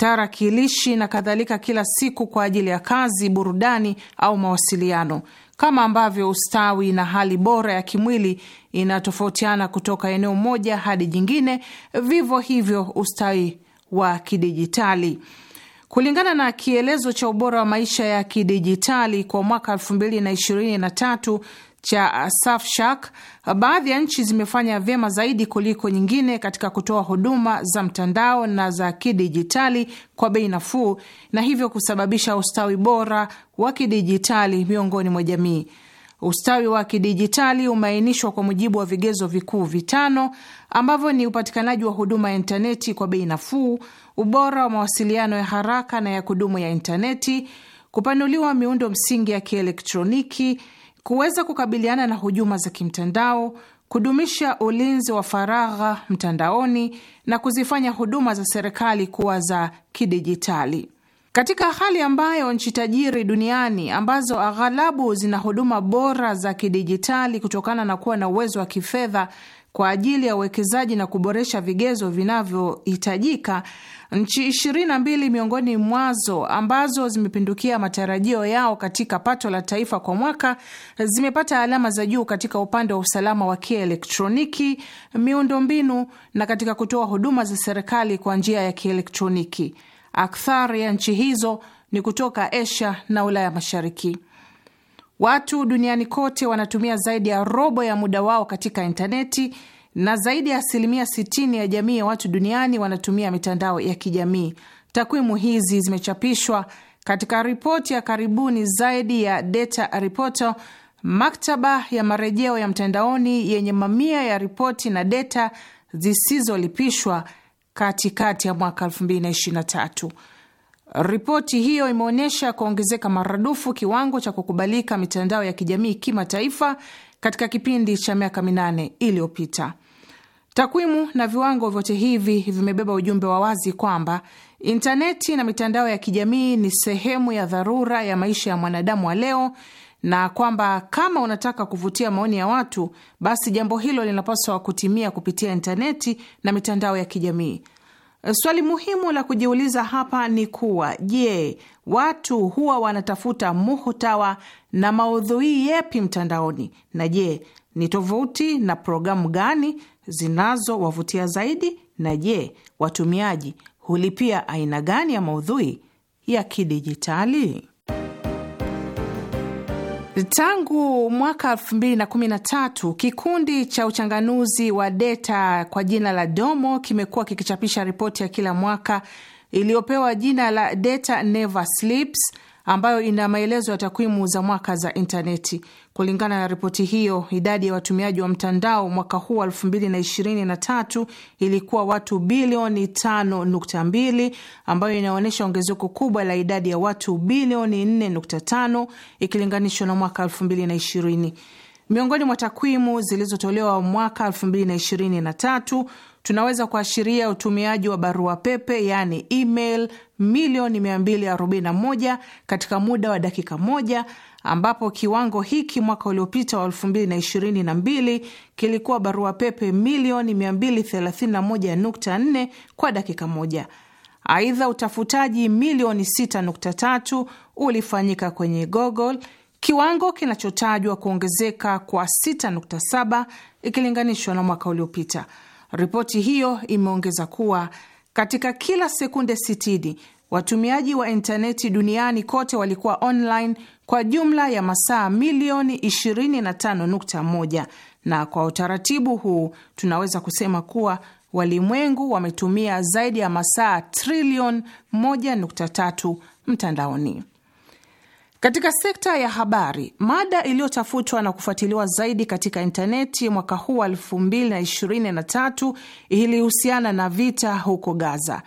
Speaker 2: tarakilishi na kadhalika kila siku kwa ajili ya kazi, burudani au mawasiliano, kama ambavyo ustawi na hali bora ya kimwili inatofautiana kutoka eneo moja hadi jingine, vivyo hivyo ustawi wa kidijitali. Kulingana na kielezo cha ubora wa maisha ya kidijitali kwa mwaka 2023 cha uh, Safshak, uh, baadhi ya nchi zimefanya vyema zaidi kuliko nyingine katika kutoa huduma za mtandao na za kidijitali kwa bei nafuu na hivyo kusababisha ustawi bora wa kidijitali miongoni mwa jamii. Ustawi wa kidijitali umeainishwa kwa mujibu wa vigezo vikuu vitano ambavyo ni upatikanaji wa huduma ya intaneti kwa bei nafuu, ubora wa mawasiliano ya haraka na ya kudumu ya intaneti, kupanuliwa miundo msingi ya kielektroniki kuweza kukabiliana na hujuma za kimtandao, kudumisha ulinzi wa faragha mtandaoni na kuzifanya huduma za serikali kuwa za kidijitali. Katika hali ambayo nchi tajiri duniani ambazo aghalabu zina huduma bora za kidijitali kutokana na kuwa na uwezo wa kifedha kwa ajili ya uwekezaji na kuboresha vigezo vinavyohitajika nchi ishirini na mbili miongoni mwazo ambazo zimepindukia matarajio yao katika pato la taifa kwa mwaka zimepata alama za juu katika upande wa usalama wa kielektroniki, miundombinu na katika kutoa huduma za serikali kwa njia ya kielektroniki. Akthari ya nchi hizo ni kutoka Asia na Ulaya Mashariki. Watu duniani kote wanatumia zaidi ya robo ya muda wao katika intaneti na zaidi ya asilimia 60 ya jamii ya watu duniani wanatumia mitandao ya kijamii. Takwimu hizi zimechapishwa katika ripoti ya karibuni zaidi ya Data Reporter, maktaba ya marejeo ya mtandaoni yenye mamia ya ripoti na data zisizolipishwa katikati ya mwaka 2023. Ripoti hiyo imeonyesha kuongezeka maradufu kiwango cha kukubalika mitandao ya kijamii kimataifa katika kipindi cha miaka minane iliyopita. Takwimu na viwango vyote hivi vimebeba ujumbe wa wazi kwamba intaneti na mitandao ya kijamii ni sehemu ya dharura ya maisha ya mwanadamu wa leo, na kwamba kama unataka kuvutia maoni ya watu, basi jambo hilo linapaswa kutimia kupitia intaneti na mitandao ya kijamii. Eh, swali muhimu la kujiuliza hapa ni kuwa je, watu huwa wanatafuta muhtawa na maudhui yepi mtandaoni, na je, ni tovuti na programu gani zinazowavutia zaidi, na je, watumiaji hulipia aina gani ya maudhui ya kidijitali? Tangu mwaka 2013 kikundi cha uchanganuzi wa deta kwa jina la Domo kimekuwa kikichapisha ripoti ya kila mwaka iliyopewa jina la Data Never Sleeps ambayo ina maelezo ya takwimu za mwaka za intaneti. Kulingana na ripoti hiyo, idadi ya watumiaji wa mtandao mwaka huu wa 223 ilikuwa watu bilioni 5.2, ambayo inaonyesha ongezeko kubwa la idadi ya watu bilioni 4.5 ikilinganishwa na mwaka 2020. Miongoni mwa takwimu zilizotolewa mwaka 223 tunaweza kuashiria utumiaji wa barua pepe yaani email milioni 241 katika muda wa dakika moja ambapo kiwango hiki mwaka uliopita wa 222 kilikuwa barua pepe milioni 231.4 kwa dakika moja. Aidha, utafutaji milioni 6.3 ulifanyika kwenye Google, kiwango kinachotajwa kuongezeka kwa 6.7 ikilinganishwa na mwaka uliopita. Ripoti hiyo imeongeza kuwa katika kila sekunde 60 watumiaji wa intaneti duniani kote walikuwa online kwa jumla ya masaa milioni 25.1, na kwa utaratibu huu tunaweza kusema kuwa walimwengu wametumia zaidi ya masaa trilioni 1.3 mtandaoni. Katika sekta ya habari, mada iliyotafutwa na kufuatiliwa zaidi katika intaneti mwaka huu wa 2023 ilihusiana na vita huko Gaza.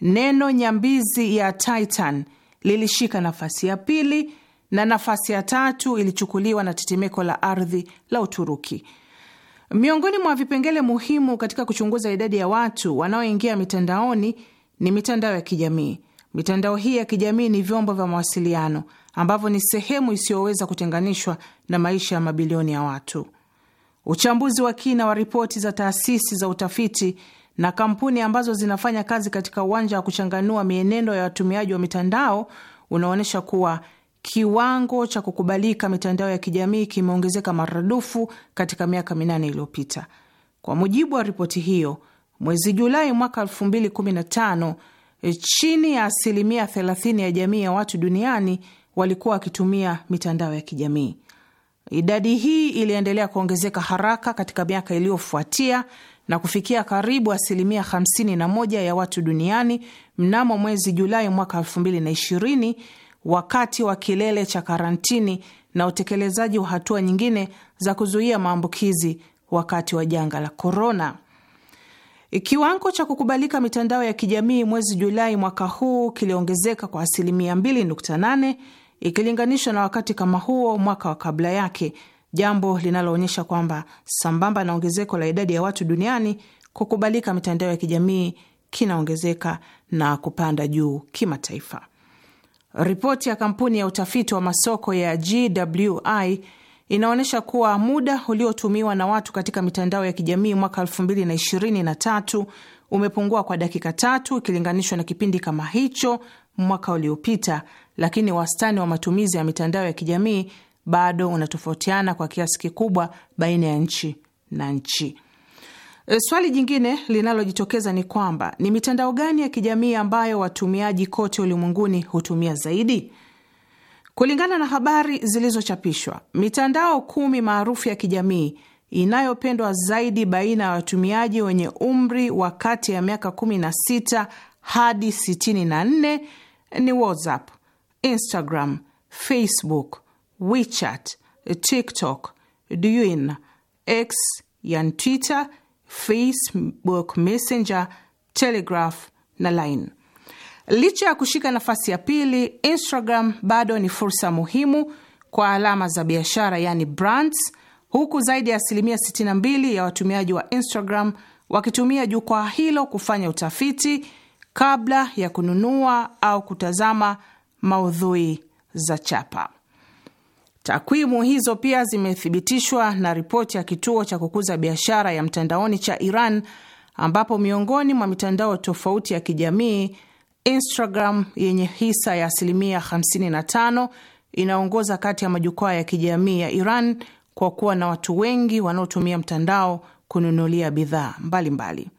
Speaker 2: Neno nyambizi ya Titan lilishika nafasi ya pili na nafasi ya tatu ilichukuliwa na tetemeko la ardhi la Uturuki. Miongoni mwa vipengele muhimu katika kuchunguza idadi ya watu wanaoingia mitandaoni ni mitandao ya kijamii. Mitandao hii ya kijamii ni vyombo vya mawasiliano ambavyo ni sehemu isiyoweza kutenganishwa na maisha ya mabilioni ya watu. Uchambuzi wa kina wa ripoti za taasisi za utafiti na kampuni ambazo zinafanya kazi katika uwanja wa kuchanganua mienendo ya watumiaji wa mitandao unaonyesha kuwa kiwango cha kukubalika mitandao ya kijamii kimeongezeka maradufu katika miaka minane iliyopita. Kwa mujibu wa ripoti hiyo, mwezi Julai mwaka 2015 chini ya asilimia 30 ya jamii ya watu duniani walikuwa wakitumia mitandao ya kijamii. Idadi hii iliendelea kuongezeka haraka katika miaka iliyofuatia na kufikia karibu asilimia 51 ya watu duniani mnamo mwezi Julai mwaka 2020 wakati wa kilele cha karantini na utekelezaji wa hatua nyingine za kuzuia maambukizi wakati wa janga la korona. Kiwango cha kukubalika mitandao ya kijamii mwezi Julai mwaka huu kiliongezeka kwa asilimia 2.8 ikilinganishwa na wakati kama huo mwaka wa kabla yake, jambo linaloonyesha kwamba sambamba na ongezeko la idadi ya watu duniani, kukubalika mitandao ya kijamii kinaongezeka na kupanda juu kimataifa. Ripoti ya kampuni ya utafiti wa masoko ya GWI inaonyesha kuwa muda uliotumiwa na watu katika mitandao ya kijamii mwaka 2023 umepungua kwa dakika tatu ikilinganishwa na kipindi kama hicho mwaka uliopita, lakini wastani wa matumizi ya mitandao ya kijamii bado unatofautiana kwa kiasi kikubwa baina ya nchi na nchi. Eh, swali jingine linalojitokeza ni kwamba ni mitandao gani ya kijamii ambayo watumiaji kote ulimwenguni hutumia zaidi? Kulingana na habari zilizochapishwa, mitandao kumi maarufu ya kijamii inayopendwa zaidi baina ya watumiaji wenye umri wa kati ya miaka 16 hadi 64 ni WhatsApp, Instagram, Facebook, WeChat, TikTok, Douyin, X yani Twitter Facebook Messenger, Telegraph na Line. Licha ya kushika nafasi ya pili, Instagram bado ni fursa muhimu kwa alama za biashara, yani brands, huku zaidi ya asilimia 62 ya watumiaji wa Instagram wakitumia jukwaa hilo kufanya utafiti kabla ya kununua au kutazama maudhui za chapa. Takwimu hizo pia zimethibitishwa na ripoti ya kituo cha kukuza biashara ya mtandaoni cha Iran, ambapo miongoni mwa mitandao tofauti ya kijamii Instagram yenye hisa ya asilimia 55 inaongoza kati ya majukwaa ya kijamii ya Iran kwa kuwa na watu wengi wanaotumia mtandao kununulia bidhaa mbalimbali.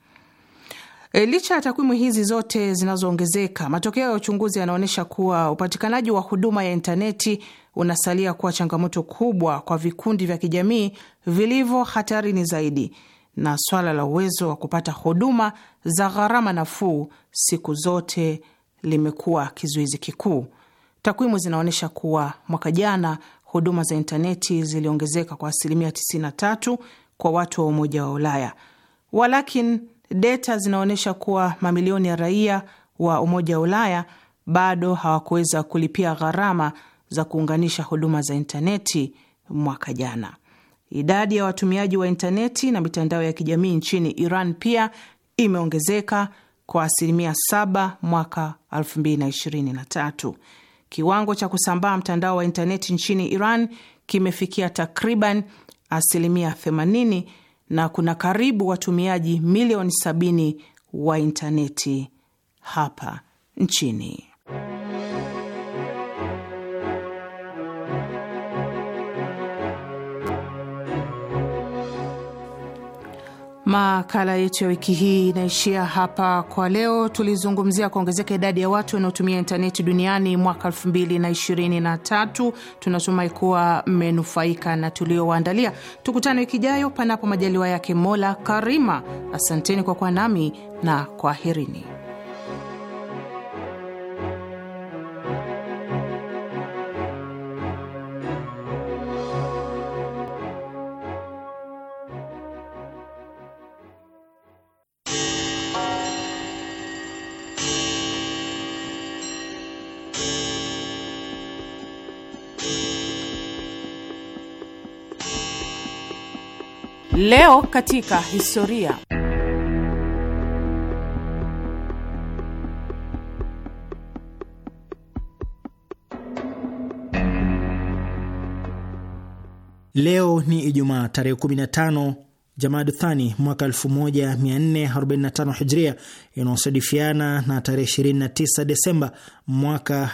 Speaker 2: E, licha ya takwimu hizi zote zinazoongezeka, matokeo ya uchunguzi yanaonyesha kuwa upatikanaji wa huduma ya intaneti unasalia kuwa changamoto kubwa kwa vikundi vya kijamii vilivyo hatarini zaidi, na swala la uwezo wa kupata huduma za gharama nafuu siku zote limekuwa kizuizi kikuu. Takwimu zinaonyesha kuwa mwaka jana huduma za intaneti ziliongezeka kwa asilimia 93 kwa watu wa Umoja wa Ulaya, walakin Data zinaonyesha kuwa mamilioni ya raia wa Umoja wa Ulaya bado hawakuweza kulipia gharama za kuunganisha huduma za intaneti mwaka jana. Idadi ya watumiaji wa intaneti na mitandao ya kijamii nchini Iran pia imeongezeka kwa asilimia 7 mwaka 2023. Kiwango cha kusambaa mtandao wa intaneti nchini Iran kimefikia takriban asilimia 80 na kuna karibu watumiaji milioni sabini wa intaneti hapa nchini. Makala yetu ya wiki hii inaishia hapa kwa leo. Tulizungumzia kuongezeka idadi ya watu wanaotumia intaneti duniani mwaka 223 Tunatumai kuwa mmenufaika na tuliowaandalia. Tukutane wiki ijayo, panapo majaliwa yake Mola Karima. Asanteni kwa kuwa nami na kwaherini. Leo katika historia.
Speaker 5: Leo ni Ijumaa tarehe 15 Jamadu Thani mwaka 1445 Hijria, inaosadifiana na tarehe 29 Desemba mwaka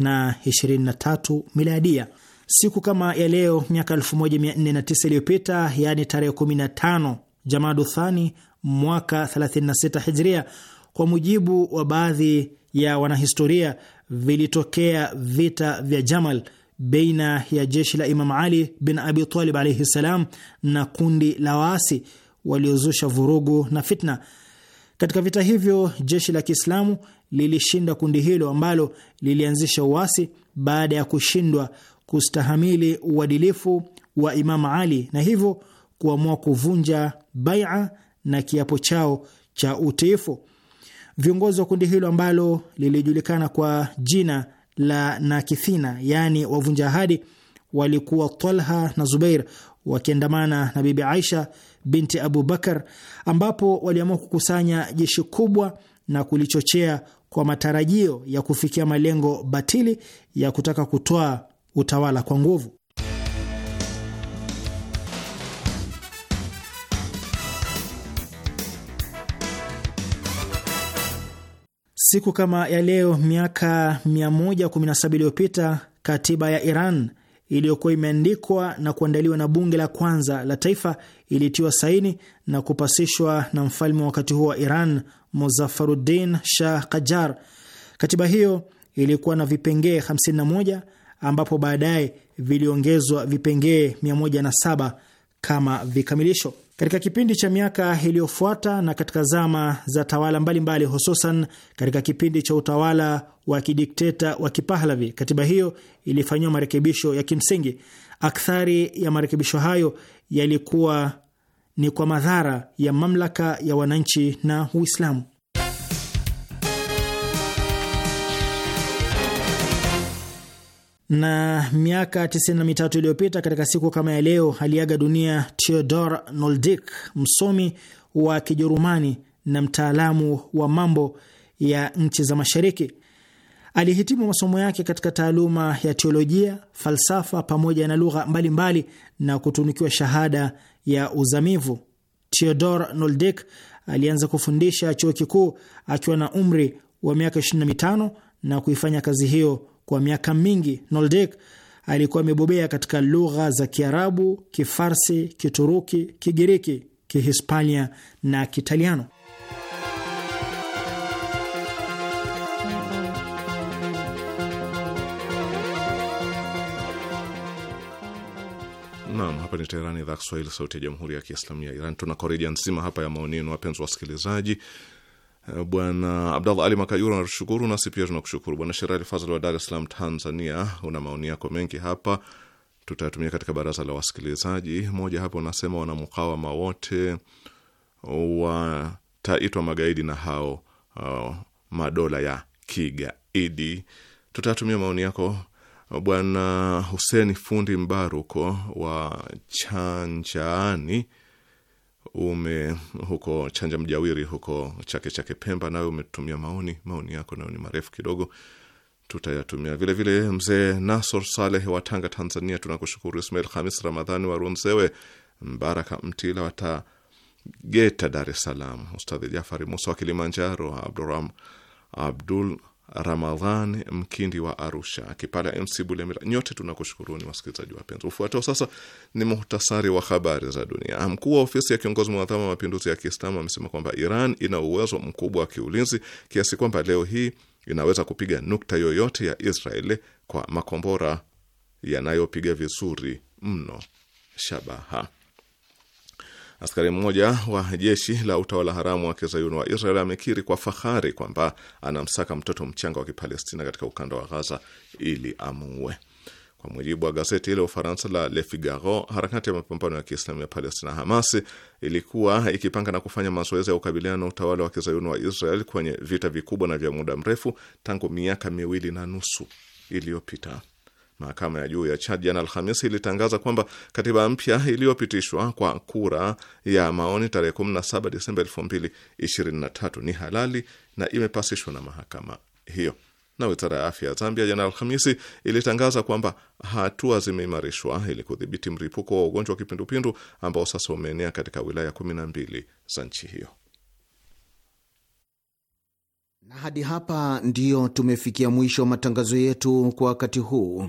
Speaker 5: 2023 Miladia. Siku kama ya leo miaka 1409 iliyopita, yaani tarehe 15 Jamadu Thani mwaka 36 Hijria, kwa mujibu wa baadhi ya wanahistoria, vilitokea vita vya Jamal baina ya jeshi la Imam Ali bin Abi Talib alaihi ssalam na kundi la waasi waliozusha vurugu na fitna. Katika vita hivyo jeshi la Kiislamu lilishinda kundi hilo ambalo lilianzisha uasi baada ya kushindwa kustahamili uadilifu wa Imamu Ali na hivyo kuamua kuvunja baia na kiapo chao cha utiifu. Viongozi wa kundi hilo ambalo lilijulikana kwa jina la Nakithina, yaani wavunja ahadi, walikuwa Talha na Zubair wakiandamana na Bibi Aisha binti Abu Bakar, ambapo waliamua kukusanya jeshi kubwa na kulichochea kwa matarajio ya kufikia malengo batili ya kutaka kutoa utawala kwa nguvu. Siku kama ya leo miaka 117 iliyopita katiba ya Iran iliyokuwa imeandikwa na kuandaliwa na bunge la kwanza la taifa ilitiwa saini na kupasishwa na mfalme wa wakati huo wa Iran, muzafarudin Shah Qajar. Katiba hiyo ilikuwa na vipengee 51 ambapo baadaye viliongezwa vipengee 107 kama vikamilisho. Katika kipindi cha miaka iliyofuata na katika zama za tawala mbalimbali, hususan katika kipindi cha utawala wa kidikteta wa Kipahlavi, katiba hiyo ilifanyiwa marekebisho ya kimsingi. Akthari ya marekebisho hayo yalikuwa ni kwa madhara ya mamlaka ya wananchi na Uislamu. na miaka 93 iliyopita katika siku kama ya leo aliaga dunia Theodor Noldik, msomi wa Kijerumani na mtaalamu wa mambo ya nchi za Mashariki. Alihitimu masomo yake katika taaluma ya teolojia, falsafa pamoja na lugha mbalimbali na kutunukiwa shahada ya uzamivu. Theodor Noldik alianza kufundisha chuo kikuu akiwa na umri wa miaka 25 na kuifanya kazi hiyo kwa miaka mingi Noldek alikuwa amebobea katika lugha za Kiarabu, Kifarsi, Kituruki, Kigiriki, Kihispania na Kitaliano.
Speaker 1: hapa ni Teherani, idhaa Kiswahili, sauti ya jamhuri ya kiislamu ya Iran. Tuna korija nzima hapa ya maoni yenu, wapenzi wasikilizaji, Eh, Bwana Abdallah Ali makajuru anatushukuru nasi pia tunakushukuru. Bwana Sherali Fazl wa Dar es Salaam, Tanzania, una maoni yako mengi hapa, tutayatumia katika baraza la wasikilizaji. Moja hapo unasema wanamkawama wote wataitwa magaidi na hao uh, madola ya kigaidi. Tutayatumia maoni yako. Eh, Bwana Huseni Fundi Mbaruko wa Chanjani ume huko Chanja Mjawiri huko Chake Chake Pemba, nawe umetumia maoni. Maoni yako nayo ni marefu kidogo, tutayatumia vile vile Mzee Nasor Saleh wa Tanga, Tanzania, tunakushukuru. Ismail Hamis Ramadhani wa Runzewe, Mbaraka Mtila wata Geta, Dar es Salaam, Ustadhi Jafari Musa wa Kilimanjaro, abdurahm Abdul Ramadhan Mkindi wa Arusha, kipala MC Bulemira. Nyote tunakushukuruni wasikilizaji wapenzi. Ufuatao sasa ni muhtasari wa habari za dunia. Mkuu wa ofisi ya kiongozi mwadhama wa mapinduzi ya Kiislamu amesema kwamba Iran ina uwezo mkubwa wa kiulinzi kiasi kwamba leo hii inaweza kupiga nukta yoyote ya Israeli kwa makombora yanayopiga vizuri mno shabaha. Askari mmoja wa jeshi la utawala haramu wa kizayuni wa Israel amekiri kwa fahari kwamba anamsaka mtoto mchanga wa Kipalestina katika ukanda wa Ghaza ili amuue. Kwa mujibu wa gazeti hilo Ufaransa la Le Figaro, harakati ya mapambano ya Kiislamu ya Palestina, Hamas, ilikuwa ikipanga na kufanya mazoezi ya kukabiliana na utawala wa kizayuni wa Israel kwenye vita vikubwa na vya muda mrefu tangu miaka miwili na nusu iliyopita. Mahakama ya juu ya Chad jana Alhamisi ilitangaza kwamba katiba mpya iliyopitishwa kwa kura ya maoni tarehe 17 Desemba 2023 ni halali na imepasishwa na mahakama hiyo. Na wizara ya afya ya Zambia jana Alhamisi ilitangaza kwamba hatua zimeimarishwa ili kudhibiti mlipuko wa ugonjwa wa kipindupindu ambao sasa umeenea katika wilaya 12 za nchi hiyo.
Speaker 4: Na hadi hapa ndiyo tumefikia mwisho wa matangazo yetu kwa wakati huu.